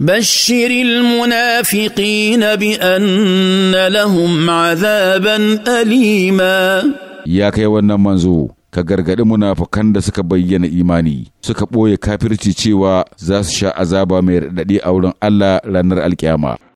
بشر المنافقين بأن لهم عذابا أليما يا كي wannan manzo ka gargaɗi munafukan da suka bayyana imani suka ɓoye kafirci cewa za su sha azaba mai raɗaɗi a wurin Allah ranar alkiyama